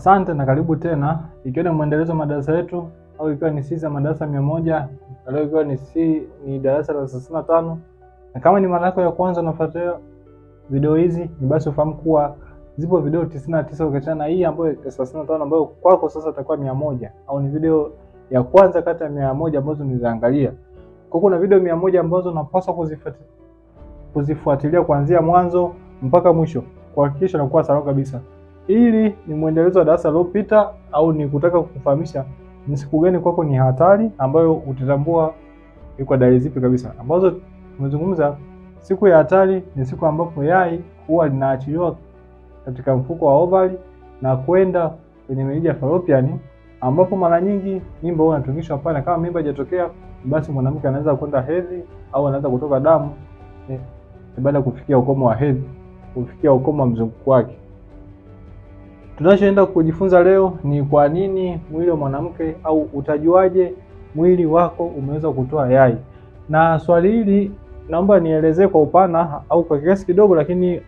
Asante na karibu tena, ikiwa ni mwendelezo madarasa yetu au ikiwa ni sisi ya madarasa mia moja na leo ikiwa ni si, ni darasa la thelathini na tano na kama ni mara yako ya kwanza unafuatilia video hizi, ni basi ufahamu kuwa zipo video tisini na tisa ukiachana na hii ambayo thelathini na tano ambayo kwako sasa itakuwa mia moja au ni video ya kwanza kati ya mia moja ambazo nizaangalia kwa kuna video mia moja ambazo napaswa kuzifuatilia kuzifuatilia kuanzia mwanzo mpaka mwisho kuhakikisha nakuwa salama kabisa. Ili ni mwendelezo wa darasa lililopita au ni kutaka kukufahamisha ni siku gani kwako ni hatari, ambayo utatambua iko dalili zipi kabisa ambazo tumezungumza. Siku ya hatari ni siku ambapo yai huwa linaachiliwa katika mfuko wa ovari na kwenda kwenye mirija fallopian, ambapo mara nyingi mimba huwa inatungishwa pale. Kama mimba haijatokea, basi mwanamke anaweza kwenda hedhi au anaweza kutoka damu eh, baada ya kufikia ukomo wa hedhi, kufikia ukomo wa mzunguko wake. Tunachoenda kujifunza leo ni kwa nini mwili wa mwanamke au utajuaje mwili wako umeweza kutoa yai, na swali hili naomba nielezee kwa upana au kwa kiasi kidogo, lakini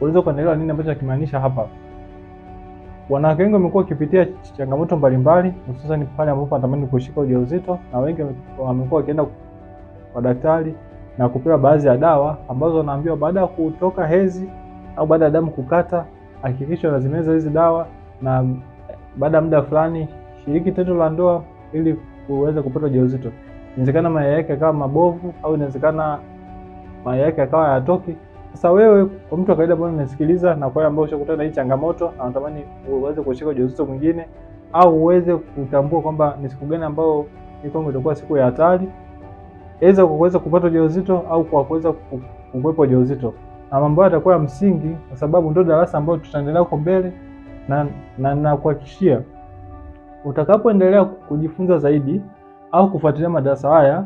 unaweza kuelewa nini ambacho nakimaanisha hapa. Wanawake wengi wamekuwa wakipitia changamoto mbalimbali, hususan pale ambapo wanatamani kushika ujauzito, na wengi wamekuwa wakienda kwa daktari na kupewa baadhi ya dawa ambazo wanaambiwa baada ya kutoka hezi au baada ya damu kukata hakikisha unazimeza hizi dawa, na baada ya muda fulani shiriki tendo la ndoa ili uweze kupata ujauzito. Inawezekana mayai yake akawa mabovu au inawezekana mayai yake akawa hayatoki. Sasa wewe kwa mtu wa kawaida ambaye unasikiliza na kwa ambao ushakutana na hii changamoto na unatamani uweze kushika ujauzito mwingine au uweze kutambua kwamba ni siku gani ambayo hii kwangu itakuwa siku ya hatari, aidha kwa kuweza kupata ujauzito au kwa kuweza kukwepa ujauzito ambayo atakuwa ya msingi, kwa sababu ndio darasa ambalo tutaendelea huko mbele, na nakuhakikishia utakapoendelea kujifunza zaidi au kufuatilia madarasa haya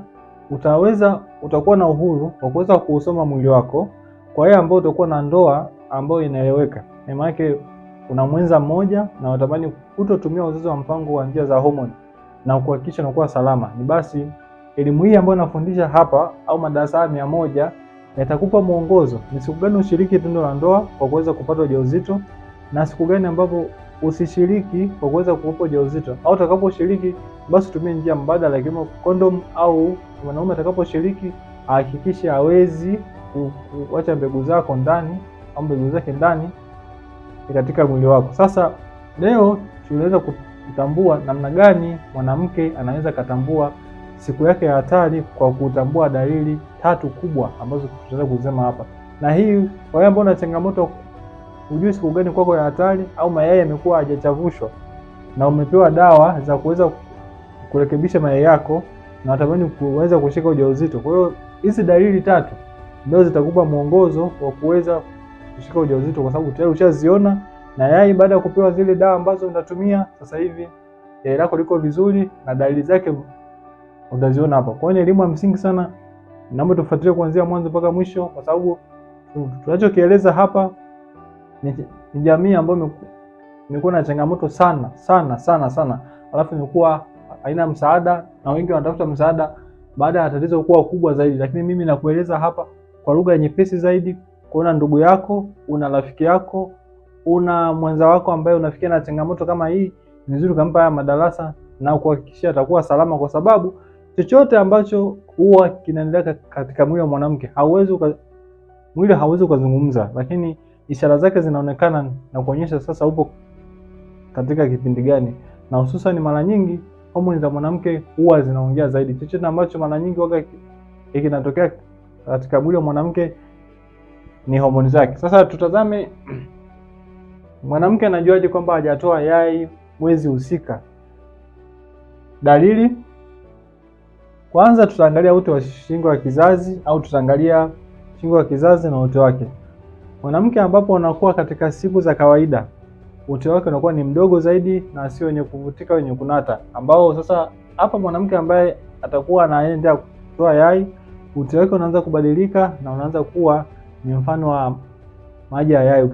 utaweza utakuwa na uhuru wa kuweza kuusoma mwili wako. Kwa hiyo ambao utakuwa na ndoa ambayo inaeleweka, maana yake una mwenza mmoja na unatamani kutotumia uzazi wa mpango wa njia za homoni na kuhakikisha unakuwa salama, ni basi elimu hii ambayo nafundisha hapa au madarasa haya mia moja Yatakupa mwongozo ni siku gani ushiriki tendo la ndoa kwa kuweza kupata ujauzito na siku gani ambapo usishiriki kwa kuweza kuupa ujauzito, au utakaposhiriki basi tumie njia mbadala like ikiwemo kondom, au mwanaume atakaposhiriki ahakikishe hawezi kuacha mbegu zako ndani au mbegu zake ndani katika mwili wako. Sasa leo tunaweza kutambua namna gani mwanamke anaweza katambua siku yake ya hatari kwa kutambua dalili tatu kubwa ambazo tutaweza kuzisema hapa. Na hii kwa wale ambao na changamoto hujui siku gani kwako ya hatari au mayai yamekuwa hajachavushwa na umepewa dawa za kuweza kurekebisha mayai yako na natamani kuweza kushika ujauzito. Kwa hiyo hizi dalili tatu ndio zitakupa mwongozo wa kuweza kushika ujauzito, kwa sababu tayari ushaziona na yai baada ya kupewa zile dawa ambazo unatumia sasa hivi, yai lako liko vizuri na dalili zake utaziona hapa. Kwa hiyo ni elimu ya msingi sana, naomba tufuatilie kuanzia mwanzo mpaka mwisho, kwa sababu tunachokieleza hapa ni jamii ambayo imekuwa na changamoto sana sana sana sana, alafu imekuwa haina msaada na wengi wanatafuta msaada baada ya tatizo kuwa kubwa zaidi, lakini mimi nakueleza hapa kwa lugha nyepesi zaidi. Kuna ndugu yako, una rafiki yako, una mwenza wako ambaye unafikia na changamoto kama hii, ni vizuri ukampa haya madarasa na kuhakikishia atakuwa salama, kwa sababu chochote ambacho huwa kinaendelea katika mwili wa mwanamke hauwezi uka, mwili hauwezi ukazungumza, lakini ishara zake zinaonekana na kuonyesha sasa upo katika kipindi gani, na hususan mara nyingi homoni za mwanamke huwa zinaongea zaidi. Chochote ambacho mara nyingi waga kinatokea katika mwili wa mwanamke ni homoni zake. Sasa tutazame mwanamke anajuaje kwamba hajatoa yai mwezi husika? Dalili kwanza tutaangalia ute wa shingo ya kizazi au tutaangalia shingo ya kizazi na ute wake. Mwanamke ambapo unakuwa katika siku za kawaida, ute wake unakuwa ni mdogo zaidi na sio wenye kuvutika, wenye kunata, ambao sasa hapa mwanamke ambaye atakuwa anaenda kutoa yai, ute wake unaanza kubadilika na unaanza kuwa ni mfano wa maji ya yai.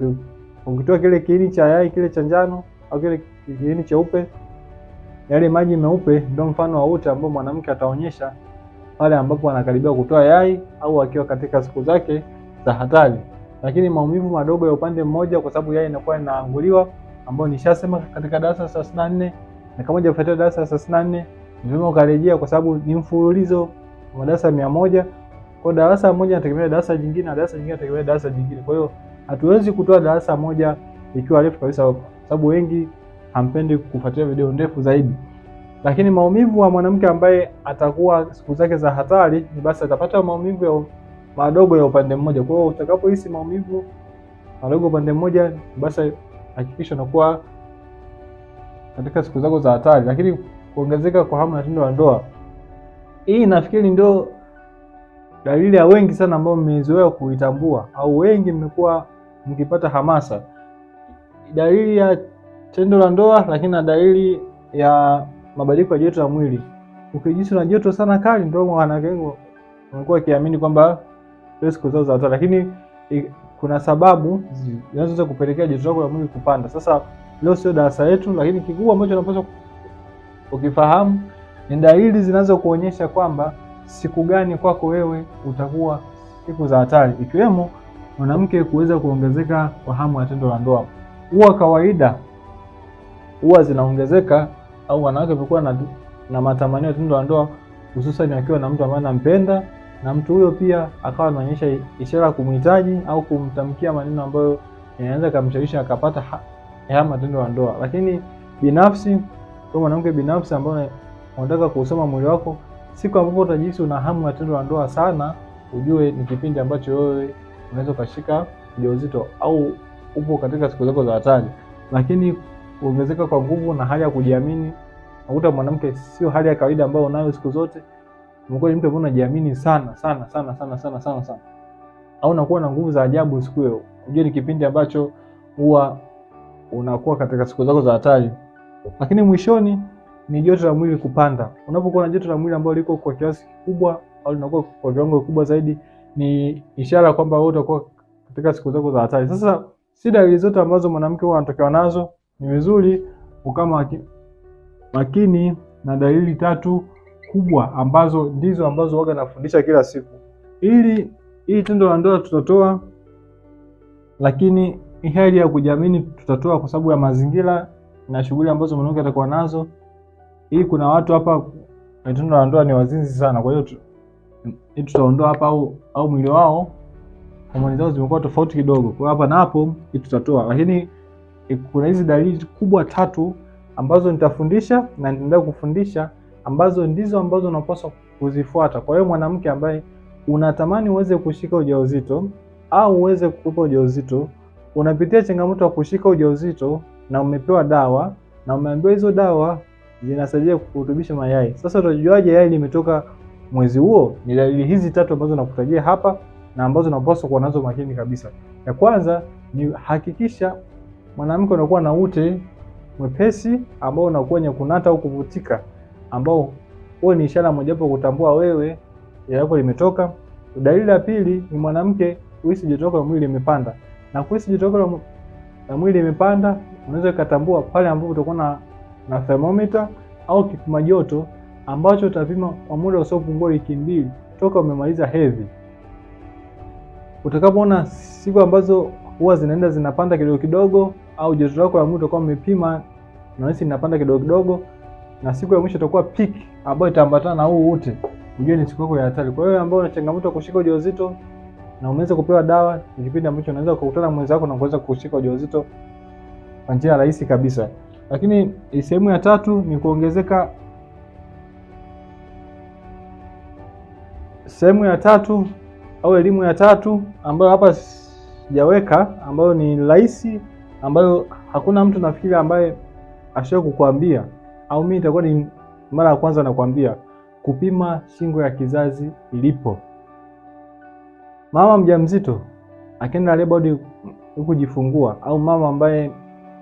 Ukitoa kile kiini cha yai kile cha njano au kile kiini cheupe yale maji meupe ndio mfano wa ute ambao mwanamke ataonyesha pale ambapo anakaribia kutoa yai au akiwa katika siku zake za hatari. Lakini maumivu madogo ya upande mmoja, kwa sababu yai inakuwa inaanguliwa, ambayo nishasema katika darasa la thelathini na nne na kama hujafuatilia darasa la thelathini na nne ni vyema ukarejea, kwa sababu ni mfululizo wa darasa mia moja. Kwa darasa moja inategemea darasa jingine na darasa jingine inategemea darasa jingine. Kwa hiyo hatuwezi kutoa darasa moja ikiwa refu kabisa, kwa sababu wengi hampendi kufuatilia video ndefu zaidi. Lakini maumivu wa mwanamke ambaye atakuwa siku zake za hatari ni basi atapata maumivu ya madogo ya upande mmoja. Kwa hiyo utakapohisi maumivu madogo upande mmoja, basi hakikisha unakuwa katika siku zako za hatari. Lakini kuongezeka kwa hamu ya tendo la ndoa, hii nafikiri ndio dalili ya wengi sana ambao mmezoea kuitambua, au wengi mmekuwa mkipata hamasa. Dalili ya tendo la ndoa, lakini na dalili ya mabadiliko ya joto la mwili. Ukijisi na joto sana kali, ndio wanawake wengi wamekuwa wakiamini kwamba hawezi kuzaa watoto, lakini kuna sababu zinazoweza kupelekea joto lako la mwili kupanda. Sasa leo sio darasa letu, lakini kikubwa ambacho unapaswa ukifahamu ni dalili zinazokuonyesha kwamba siku gani kwako wewe utakuwa siku za hatari, ikiwemo mwanamke kuweza kuongezeka kwa hamu ya tendo la ndoa. Huwa kawaida huwa zinaongezeka au wanawake wamekuwa na, na matamanio ya tendo la ndoa hususan wakiwa na mtu ambaye anampenda na mtu huyo pia akawa anaonyesha ishara kumhitaji au kumtamkia maneno ambayo yanaweza kumshawishi akapata haya matendo ya ndoa. Lakini binafsi, kwa mwanamke binafsi ambaye unataka kusoma mwili wako, siku ambapo utajihisi una hamu ya tendo la ndoa sana, ujue ni kipindi ambacho wewe unaweza ukashika ujauzito au upo katika siku zako za hatari, lakini kuongezeka kwa nguvu na hali ya kujiamini. Unakuta mwanamke sio hali ya kawaida ambayo unayo siku zote, umekuwa ni mtu ambaye unajiamini sana sana sana sana sana sana sana, au unakuwa na nguvu za ajabu siku hiyo. Unajua ni kipindi ambacho huwa unakuwa katika siku zako za hatari, lakini mwishoni ni joto la mwili kupanda. Unapokuwa na joto la mwili ambalo liko kwa kiasi kikubwa au linakuwa kwa viwango vikubwa zaidi, ni ishara kwamba wewe utakuwa katika siku zako za hatari. Sasa si dalili zote ambazo mwanamke huwa anatokewa nazo ni vizuri ukama makini na dalili tatu kubwa ambazo ndizo ambazo waga nafundisha kila siku, ili hii tendo la ndoa tutatoa, lakini hali ya kujiamini tutatoa kwa sababu ya mazingira na shughuli ambazo mwanamke atakuwa nazo. Hii kuna watu hapa eh, tendo la ndoa ni wazinzi sana, kwa hiyo hii tutaondoa hapa, au au mwili wao homoni zao zimekuwa tofauti kidogo, kwa hapa na hapo hii tutatoa, lakini E, kuna hizi dalili kubwa tatu ambazo nitafundisha na nitaendelea kufundisha ambazo ndizo ambazo unapaswa kuzifuata. Kwa hiyo mwanamke ambaye unatamani uweze kushika ujauzito au uweze kukupa ujauzito, unapitia changamoto ya kushika ujauzito na umepewa dawa na umeambiwa hizo dawa zinasaidia kurutubisha mayai. Sasa utajuaje yai limetoka mwezi huo? Ni dalili hizi tatu ambazo nakutajia hapa na ambazo unapaswa kuwa nazo makini kabisa. Ya kwanza ni hakikisha mwanamke unakuwa na ute mwepesi ambao unakuwa wenye kunata au kuvutika, ambao huo ni ishara mojawapo kutambua wewe yako limetoka. Dalili ya pili ni mwanamke kuhisi joto la mwili limepanda, na kuhisi joto la mwili limepanda unaweza ukatambua pale ambapo utakuwa na, na thermometer au kipima joto ambacho utapima kwa muda usiopungua wiki mbili toka umemaliza hedhi. Utakapoona siku ambazo huwa zinaenda zinapanda kidogo kidogo au joto lako la mwili utakuwa umepima na unahisi linapanda kidogo kidogo, na siku ya mwisho itakuwa peak ambayo itaambatana na huu ute, ujue ni siku yako ya hatari. Kwa hiyo ambao una changamoto ya kushika ujauzito na umeweza kupewa dawa, ni kipindi ambacho unaweza kukutana mwenzi wako na kuweza kushika ujauzito kwa njia rahisi kabisa. Lakini sehemu ya tatu ni kuongezeka. Sehemu ya tatu au elimu ya tatu ambayo hapa sijaweka, ambayo ni rahisi ambayo hakuna mtu nafikiri ambaye ashao kukwambia au mimi itakuwa ni mara ya kwanza nakwambia kupima shingo ya kizazi ilipo. Mama mjamzito akienda leba hadi kujifungua au mama ambaye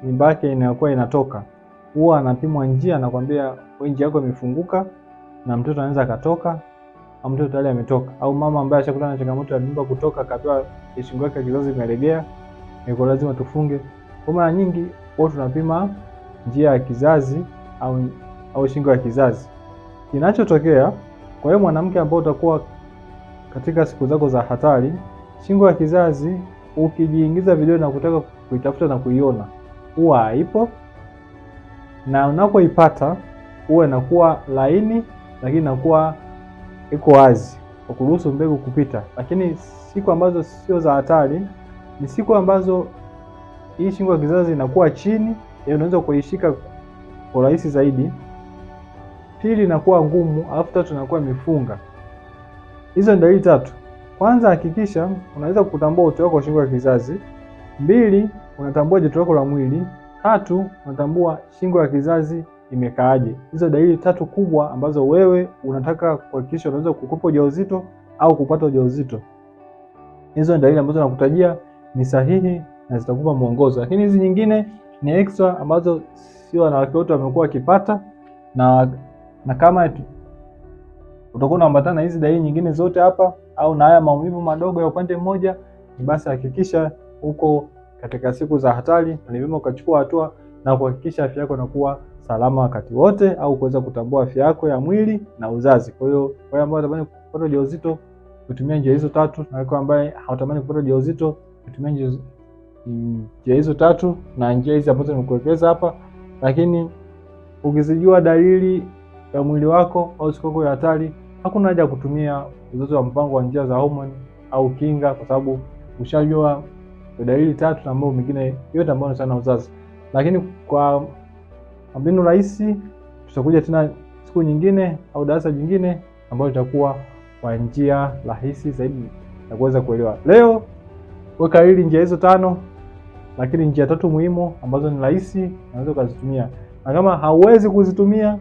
mimba yake inakuwa inatoka huwa anapimwa njia, anakwambia njia yako imefunguka na mtoto anaweza akatoka au mtoto tayari ametoka, au mama ambaye ashakutana na changamoto ya mimba kutoka, akapewa shingo yake ya kizazi imelegea, iko lazima tufunge. Kwa mara nyingi huwa tunapima njia ya kizazi au, au shingo ya kizazi. Kinachotokea kwa hiyo mwanamke ambao utakuwa katika siku zako za hatari, shingo ya kizazi ukijiingiza video na kutaka kuitafuta na kuiona, huwa haipo, na unapoipata huwa inakuwa laini, lakini inakuwa iko wazi kwa kuruhusu mbegu kupita. Lakini siku ambazo sio za hatari ni siku ambazo hii shingo ya kizazi inakuwa chini, unaweza kuishika kwa rahisi zaidi. Pili inakuwa ngumu, alafu tatu inakuwa imefunga. Hizo ndio dalili tatu. Kwanza, hakikisha unaweza kutambua uti wako wa shingo ya kizazi. Mbili, unatambua joto lako la mwili. Tatu, unatambua shingo ya kizazi imekaaje. Hizo dalili tatu kubwa ambazo wewe unataka kuhakikisha unaweza kukopa ujauzito au kupata ujauzito. Hizo dalili ambazo nakutajia ni sahihi na zitakupa mwongozo, lakini hizi nyingine ni extra ambazo sio wanawake wote wamekuwa wakipata, na na kama utakuwa unaambatana na hizi dalili nyingine zote hapa au na haya maumivu madogo ya upande mmoja, ni basi hakikisha uko katika siku za hatari, na ni vyema ukachukua hatua na kuhakikisha afya yako inakuwa salama wakati wote, au kuweza kutambua afya yako ya mwili na uzazi. Kwa hiyo wale ambao watamani kupata ujauzito kutumia njia hizo tatu, na wale ambao hawatamani kupata ujauzito kutumia njia njia hizo tatu na njia hizi ambazo nimekuelekeza hapa, lakini ukizijua dalili ya mwili wako au siku ya hatari, hakuna haja ya kutumia uzazi wa mpango wa njia za homoni au kinga, kwa sababu ushajua dalili tatu na mambo mengine yote ambayo ni sana uzazi. Lakini kwa mbinu rahisi, tutakuja tena siku nyingine au darasa jingine ambayo itakuwa kwa njia rahisi zaidi ya kuweza kuelewa. Leo weka hili njia hizo tano lakini njia tatu muhimu ambazo ni rahisi unaweza ukazitumia, na kama hauwezi kuzitumia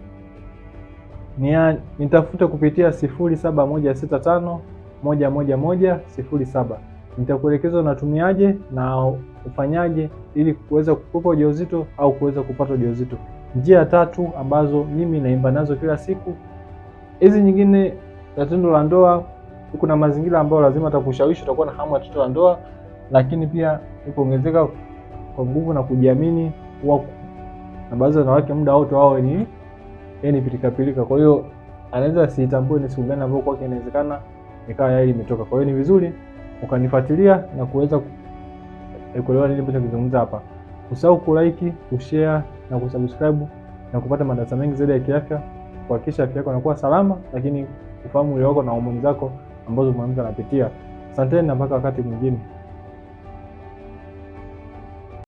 ni nitafute kupitia sifuri saba moja sita tano moja moja moja sifuri saba. Nitakuelekeza unatumiaje na ufanyaje ili kuweza kukupa ujauzito au kuweza kupata ujauzito. Njia tatu ambazo mimi naimba nazo kila siku. Hizi nyingine za tendo la ndoa, kuna mazingira ambayo lazima atakushawishi, utakuwa na hamu ya tendo la ndoa lakini pia kuongezeka kwa nguvu na kujiamini wako, na baadhi ya wanawake muda wote wao ni yani pilika pilika. Kwa hiyo anaweza asitambue ni siku gani ambayo kwake inawezekana ikawa yai imetoka. Kwa hiyo ni vizuri ukanifuatilia na kuweza kuelewa nini ambacho kizungumza hapa. Usahau ku like, ku share na ku subscribe na kupata madarasa mengi zaidi ya kiafya, kuhakikisha afya yako inakuwa salama, lakini ufahamu ule wako na homoni zako ambazo mwanamke anapitia. Asanteni na mpaka wakati mwingine.